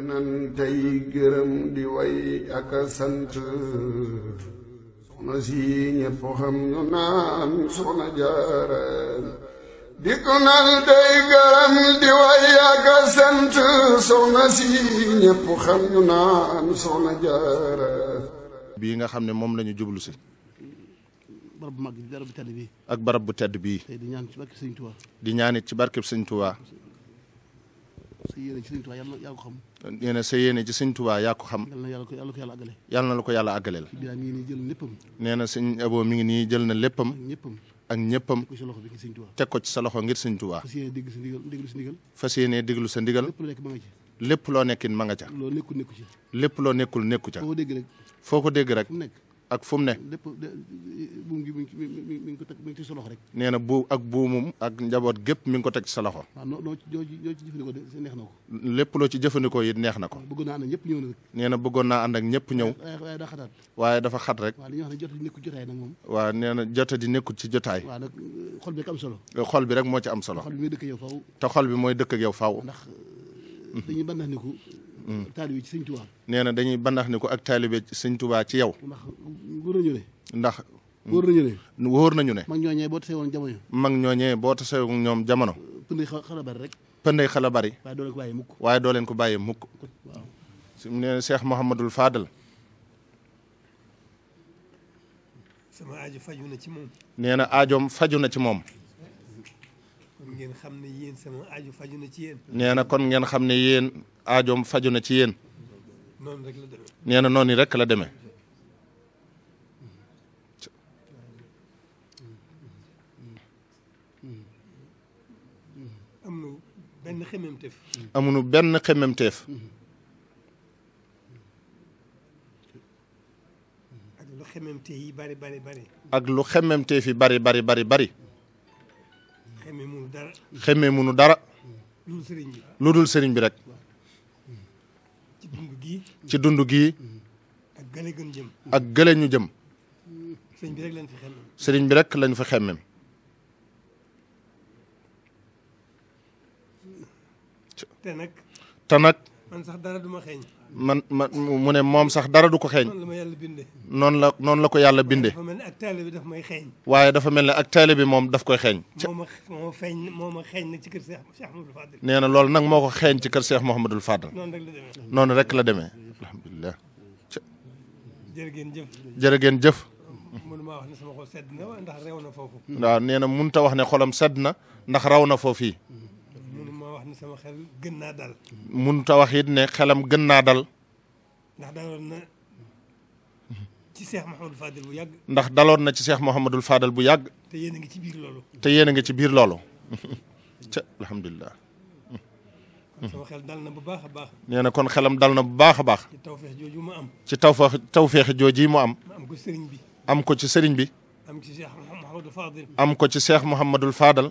nan tey gërëm di way ak sant soxna xam ñu naan soxna di ko nan gërëm di way ak sant soxna xam ñu naan soxna jaara nga xam ne moom lañu jublu si barab bu mag bi barab bu bii ak barab bu tedd bii di ñaan ci barkeb sëñ di ñaan ci barkeb sëñ sa yéene ci sëñ Tuubaa na sa yéene ci sëñ Tuubaa yaa ko xam yàlla na yàlla ko yàlla ko la ko yàlla àggaleel biraa mi ngi nii jël na léppam nee na sëñ Abo mi ngi nii jël na léppam ñëppam ak ñëppam teg ko ci sa loxo ngir sëñ Tuubaa fas yéene déglu sa ndigal fas yéene déglu sa ndigal lépp loo nekkin ma nga ca lépp loo nekkul nekku ca foo ko dégg rek ak fu mu ne. lépp buum ko teg mi ngi ci sa loxo rek. nee na bu ak buumum ak njaboot gépp mi ngi ko teg sa loxo. waaw loo ci jëfandikoo neex na ko. lépp loo ci jëfandikoo it neex na ko. bëggoon naa ànd ak ñëpp ñëw na bëggoon naa ànd ak ñëpp ñëw. waaye daa xataat. waaye dafa xat rek. waaw li ñuy wax ne jot di nekkul jotaay nag moom. waaw di nekkul ci jotaay. waaw nag xol bi rek am solo. xol bi rek moo ci am solo. te xol bi mooy dëkk ak yow faaw. ndax euh, dañuy bandax niku Mm. taalibe ci sëñ Tuubaa nee na dañuy bandax ni ko ak taalibe sëñ Tuubaa ci yow ndax wóor ndax wóor nañu ne wóor nañu ne mag ñooñee boo tasee woon jamono mag ñooñee boo tasee woon ñoom jamono pënday xala bari rek pënday xala bari waaye doo leen ko bàyyi mukk waaye doo leen ko bàyyi mukk waaw Mouhamadul Fadal sama aajo faju ci moom nee na aajoom faju na ci moom ngeen xam ne yéen sama aajo faju na ci nee na kon ngeen xam ne yéen aajoom faju na ci yéen. noonu rek la nee na noonu rek la demee. amuñu benn xemmeemteef. benn xemmeemteef. ak lu xemmeemteef yi ak lu xemmeemteef yi bari bari bari bari. xemmee munu dara lu dul sëriñ bi rek ci dund gii ak gële ñu jëm sëriñ bi rekk lañu fa xemmem te man sax dara du ma xeeñ. man man mu ne moom sax dara du ko xeeñ. noonu la ma yàlla bindee. noonu la noonu la ko yàlla bindee. dafa mel ne ak taalibe bi daf may xeeñ. waaye dafa mel ne ak taalibe bi moom daf koy xeeñ. moo ma moo feeñ moo ma xeeñ nag ci kër nee na loolu nag moo ko xeeñ ci kër Cheikh Mouhamadul Fadel. noonu rek la demee. noonu rek la demee alhamdulilah. jërë ngeen jëf. jërë ngeen jëf. mënuma wax ne sama xol sedd na ndax rew na foofu. waaw nee na mënut wax ne xolam sedd na ndax raw na foofu ne sama xel gën naa dal. mënut a wax it ne xelam gën naa dal. ndax daloon na ci seex Mouhamadul Fadel bu yàgg. ndax daloon na ci seex Mouhamadul Fadel bu yàgg. te yéen a ngi ci biir loolo te yéen a ngi ci biir loolu. ca alhamdulilah. sama dal na bu baax a baax. nee na kon xelam dal na bu baax a baax. ci tawféex jooju mu am. ci tawféex tawféex mu am. am ko ci bi. am ko ci sëriñ bi. am ci seex Mouhamadul faadal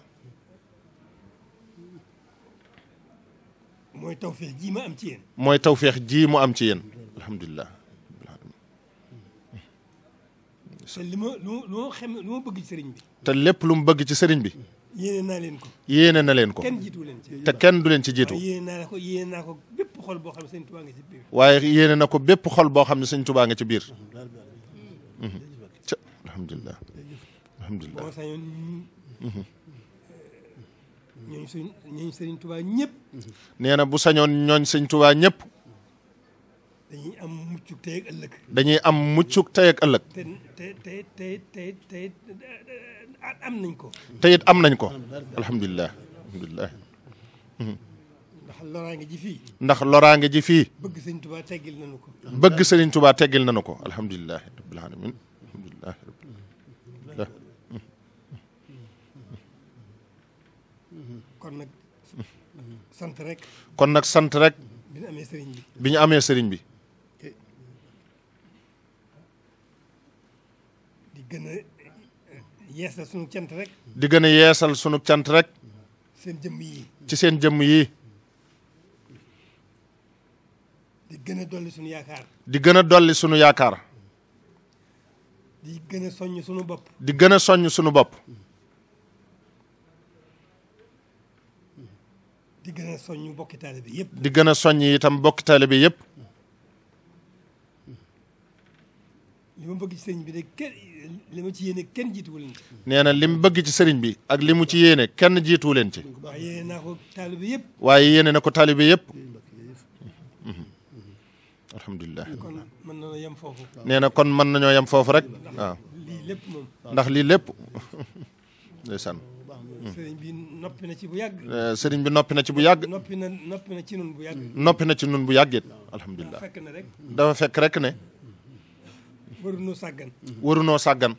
mooy tawféex ji ma am ci yéen. mooy tawféex ji mu am ci yéen. alhamdulilah. te li ma lu ma xam lu ma bëgg ci bi. te lépp lu mu bëgg ci sëriñ bi. yéene naa leen ko. yéene na leen ko. kenn leen te kenn du leen ci jiitu. yéene ko yéene naa ko bépp boo xam ne sëñ waaye yéene na ko bépp xol boo xam ne sëñ Tuubaa nga ci biir. Mhm. alhamdulilah alhamdulilah. ñooñ sëñ ñooñ sëriñ tubaa ñëpp nee na bu sañoon ñooñ sëñ tubaa ñëpp dañuy am muccuk tey ak ëllëg dañuy am muccuk tey ak ëllëg te te te te te am nañ ko teyit am nañ ko alhamdulilah alhamdulilah mhm. ndax loraange ji fii ndax loraange ji fii bëgg sëriñ tubaa teggil nañu ko bëgg sëriñ tubaa teggil nañu ko rabbil alamin alhamdulilah sant kon nag sant rek. bi ñu amee sëriñ bi bi ñu amee sëriñ bi. di gën a yeesal sunu cant rek. di gën a yeesal sunu cant rek. seen jëmm yi. ci seen jëmm yi. di a dolli sunu yaakaar. di gën a dolli sunu yaakaar. di gën a soññ sunu bopp. di gën a soññ sunu bopp. di gën a soññ bokki yëpp. di gën a soññ itam bokki taalibe yëpp. li ma bëgg ci sëriñ bi de ci yéene kenn jiituwu leen nee na li mu bëgg ci sëriñ bi ak li mu ci yéene kenn jiituwu leen ci. waaye yéene naa ko taalibe yëpp. waaye yéene ko taalibe yëpp. alhamdulilah. kon mën nañoo yem foofu. kon mën nañoo yem foofu rek. lii lépp ndax lii lépp. sëriñ bi noppi na ci bu yàgg. Eh, sëriñ bi noppi na ci bu yàgg. noppi na noppi na ci nun bu yàgg. noppi na ci nun bu yàgg it. alhamdulilah dafa fekk ne rek. dafa fekk rek ne. warunoo sàggan. warunoo sàggan.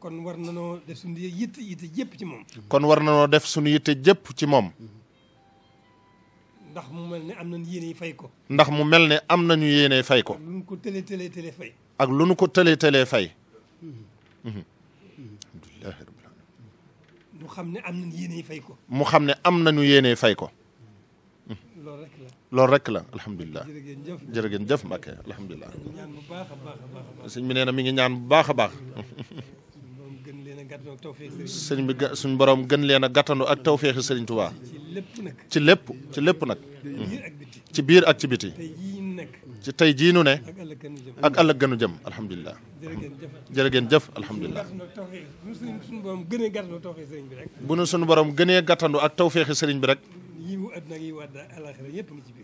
kon war na noo def suñu yitte yitte jëpp ci moom. kon war na noo def suñu yitte jëpp ci moom. ndax mu mel ne am nañu yéene fay ko. ndax mu mel ne am nañu yéene fay ko. ak lu nu ko tëlee tëlee tëlee fay. ak lu nu ko tëlee tëlee fay. mu xam ne am nañu yéeney fay ko. mu xam ne am nañu yéeney fay ko. loolu rek la loolu rek la alhamdulilah. jërëjëf jërëjëf Mbacke bu baax a baax sëñ bi nee na mi ngi ñaan bu baax a baax. sëñ bi suñ boroom gën leen a gàttandu ak tawféexi sëriñ Tuubaa. ci lépp ci lépp ci lépp nag. ci biir ak ci biti. ci tey jii nu ne ak ëllëg gënu jëm alhamdulilah. jërë ngeen jëf alhamdulilah. bu nu suñu borom gënee gàttandu ak tawféexi sëriñ bi rek.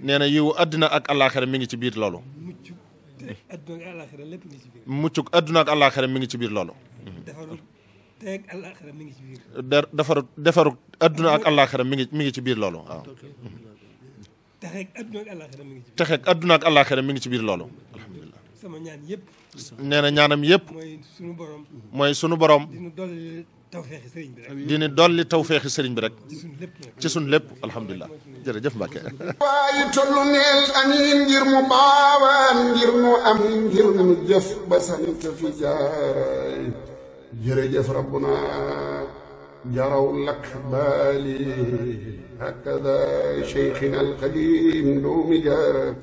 nee na yiwu àddina ak àllaaxira mi ngi ci biir loolu. muccuk àdduna ak àllaaxira mi ngi ci biir loolu. defarut defarut àdduna ak àllaaxira mi ngi mi ngi ci biir loolu texeeg adduna ak àllaaxira mi ngi ci biir texeeg ci biir loolu. alhamdulilah sama ñaan yëpp. nee ñaanam yëpp. mooy sunu borom. mooy sunu borom. dina dolli tawféexi sëriñ bi rek. dina dolli bi rek. ci sunu lépp ci sunu lépp alhamdulilah. jërëjëf Mbacke. waaye tollu neel amiin ngir mu baawaan ngir mu am ngir mu jëf ba sant fi jaay jërëjëf rabbuna جروا الأكبال هكذا شيخنا القديم ذو مجال